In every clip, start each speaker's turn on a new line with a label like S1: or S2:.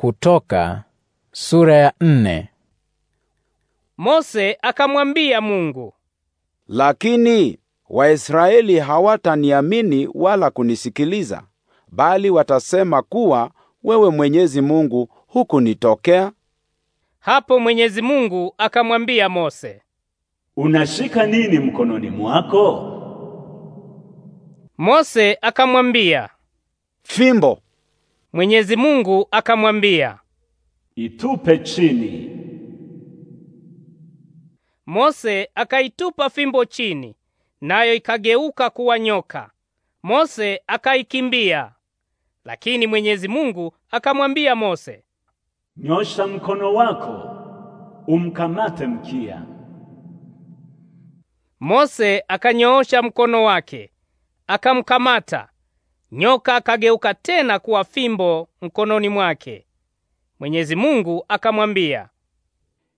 S1: Kutoka sura ya nne. Mose
S2: akamwambia Mungu,
S1: lakini Waisraeli hawataniamini wala kunisikiliza, bali watasema kuwa wewe Mwenyezi Mungu hukunitokea.
S2: Hapo Mwenyezi Mungu akamwambia Mose, unashika nini mkononi mwako? Mose akamwambia, fimbo. Mwenyezi Mungu akamwambia, "Itupe chini." Mose akaitupa fimbo chini, nayo ikageuka kuwa nyoka. Mose akaikimbia. Lakini Mwenyezi Mungu akamwambia Mose, "Nyosha mkono wako umkamate mkia." Mose akanyoosha mkono wake akamkamata, Nyoka akageuka tena kuwa fimbo mkononi mwake. Mwenyezi Mungu akamwambia,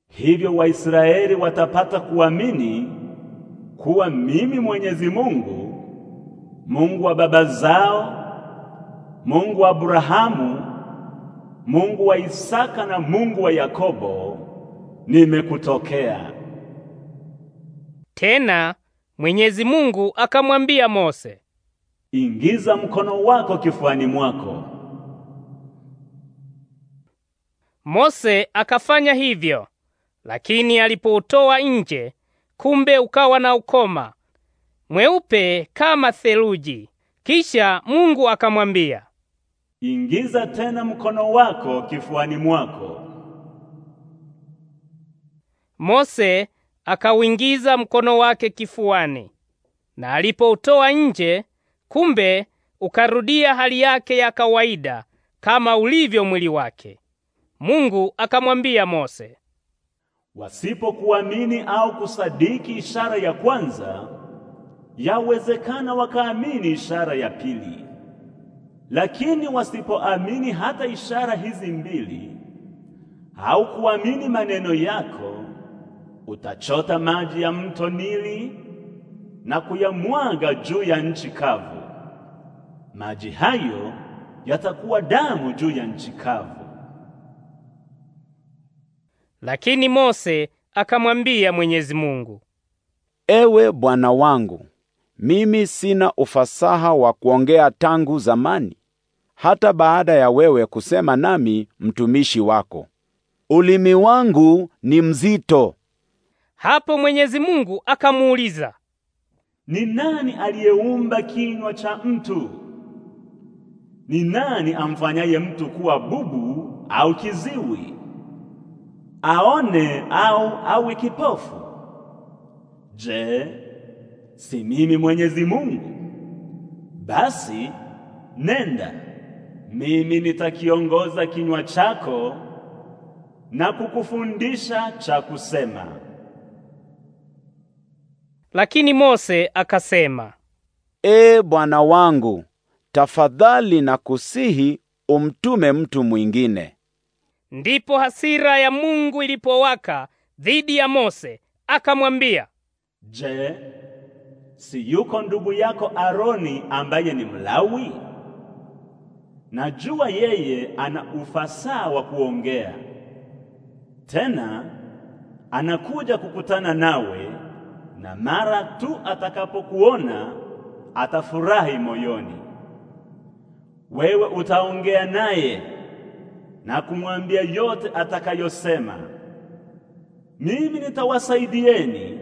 S3: hivyo Waisraeli watapata kuamini kuwa mimi Mwenyezi Mungu, Mungu wa baba zao, Mungu wa Abrahamu, Mungu wa Isaka na Mungu wa Yakobo nimekutokea.
S2: Tena Mwenyezi Mungu akamwambia Mose,
S3: ingiza mkono wako kifuani mwako.
S2: Mose akafanya hivyo, lakini alipoutoa nje, kumbe ukawa na ukoma mweupe kama theluji. Kisha Mungu akamwambia, ingiza tena mkono wako kifuani mwako. Mose akauingiza mkono wake kifuani, na alipoutoa nje kumbe ukarudia hali yake ya kawaida kama ulivyo mwili wake. Mungu akamwambia Mose, wasipokuamini
S3: au kusadiki ishara ya kwanza, yawezekana wakaamini ishara ya pili, lakini wasipoamini hata ishara hizi mbili au kuamini maneno yako, utachota maji ya mto Nili na kuyamwaga juu ya nchi kavu maji hayo yatakuwa damu juu ya nchi kavu.
S2: Lakini Mose akamwambia Mwenyezi Mungu,
S1: Ewe Bwana wangu, mimi sina ufasaha wa kuongea tangu zamani, hata baada ya wewe kusema nami mtumishi wako. Ulimi wangu ni mzito.
S2: Hapo Mwenyezi Mungu akamuuliza, Ni nani aliyeumba
S3: kinywa cha mtu? Ni nani amfanyaye mtu kuwa bubu au kiziwi, aone au awe kipofu? Je, si mimi Mwenyezi Mungu? Basi nenda, mimi nitakiongoza kinywa chako na kukufundisha cha kusema.
S2: Lakini Mose akasema, E
S1: Bwana wangu tafadhali na kusihi umtume mtu mwingine.
S2: Ndipo hasira ya Mungu ilipowaka dhidi ya Mose, akamwambia, Je, si yuko ndugu yako Aroni
S3: ambaye ni Mlawi? Najua yeye ana ufasaha wa kuongea, tena anakuja kukutana nawe, na mara tu atakapokuona atafurahi moyoni wewe utaongea naye na kumwambia yote atakayosema. Mimi nitawasaidieni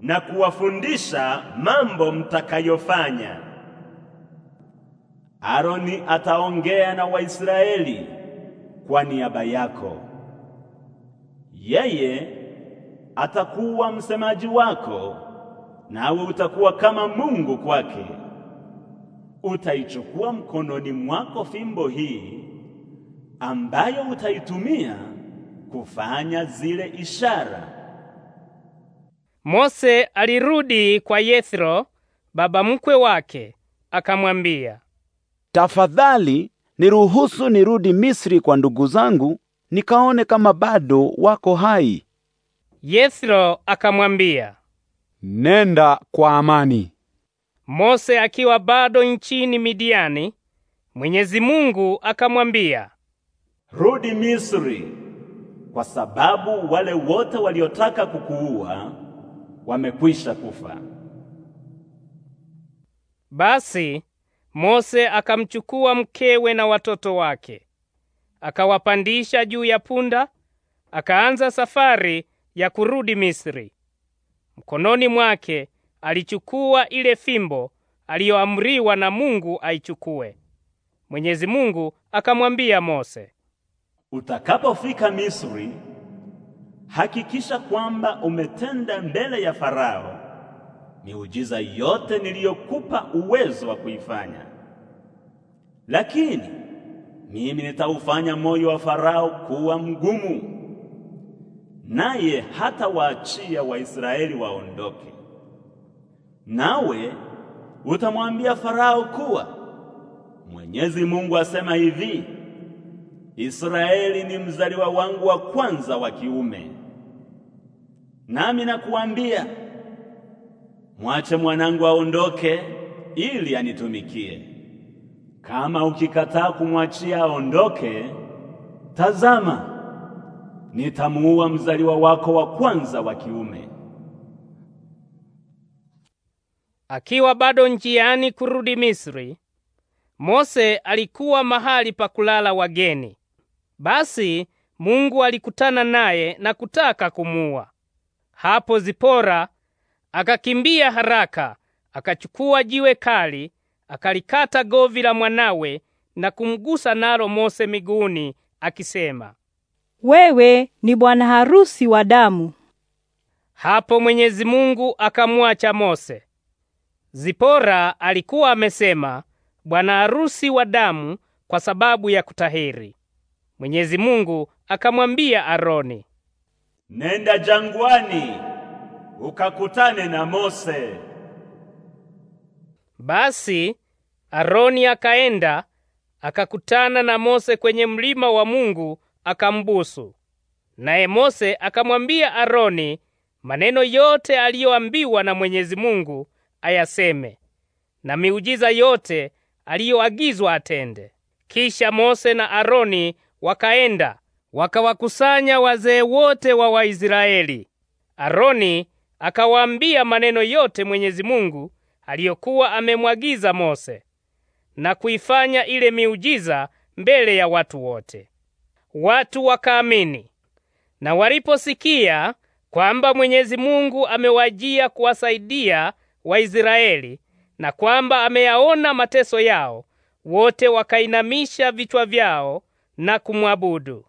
S3: na kuwafundisha mambo mtakayofanya. Aroni ataongea na Waisraeli kwa niaba yako. Yeye atakuwa msemaji wako, nawe utakuwa kama Mungu kwake utaichukua mkononi mwako fimbo hii ambayo utaitumia kufanya zile ishara.
S2: Mose alirudi kwa Yethro baba mkwe wake, akamwambia,
S1: tafadhali niruhusu nirudi Misri kwa ndugu zangu nikaone kama bado wako hai.
S2: Yethro akamwambia,
S1: nenda kwa amani.
S2: Mose akiwa bado nchini Midiani, Mwenyezi Mungu akamwambia,
S3: rudi Misri, kwa sababu wale wote waliotaka
S2: kukuua wamekwisha kufa. Basi Mose akamchukua mkewe na watoto wake, akawapandisha juu ya punda, akaanza safari ya kurudi Misri. Mkononi mwake alichukua ile fimbo aliyoamriwa na Mungu aichukue. Mwenyezi Mungu akamwambia Mose,
S3: utakapofika Misri, hakikisha kwamba umetenda mbele ya Farao miujiza yote niliyokupa uwezo wa kuifanya, lakini mimi nitaufanya moyo wa Farao kuwa mgumu, naye hata waachia Waisraeli waondoke. Nawe utamwambia Farao kuwa Mwenyezi Mungu asema hivi: Israeli ni mzaliwa wangu wa kwanza wa kiume. Nami nakuambia, mwache mwanangu aondoke ili anitumikie. Kama ukikataa kumwachia aondoke, tazama, nitamuua mzaliwa wako wa kwanza wa kiume.
S2: Akiwa bado njiani kurudi Misri, Mose alikuwa mahali pa kulala wageni. Basi Mungu alikutana naye na kutaka kumuua. Hapo Zipora akakimbia haraka, akachukua jiwe kali, akalikata govi la mwanawe na kumgusa nalo Mose miguuni akisema, wewe ni bwana harusi wa damu. Hapo Mwenyezi Mungu akamwacha Mose. Zipora alikuwa amesema bwana harusi wa damu kwa sababu ya kutahiri. Mwenyezi Mungu akamwambia Aroni, nenda jangwani ukakutane na Mose. Basi Aroni akaenda akakutana na Mose kwenye mlima wa Mungu akambusu. Naye Mose akamwambia Aroni maneno yote aliyoambiwa na Mwenyezi Mungu ayaseme na miujiza yote aliyoagizwa atende. Kisha Mose na Aroni wakaenda wakawakusanya wazee wote wa Waisraeli. Aroni akawaambia maneno yote Mwenyezi Mungu aliyokuwa amemwagiza Mose na kuifanya ile miujiza mbele ya watu wote. Watu wakaamini, na waliposikia kwamba Mwenyezi Mungu amewajia kuwasaidia wa Israeli na kwamba ameyaona mateso yao, wote wakainamisha vichwa vyao na kumwabudu.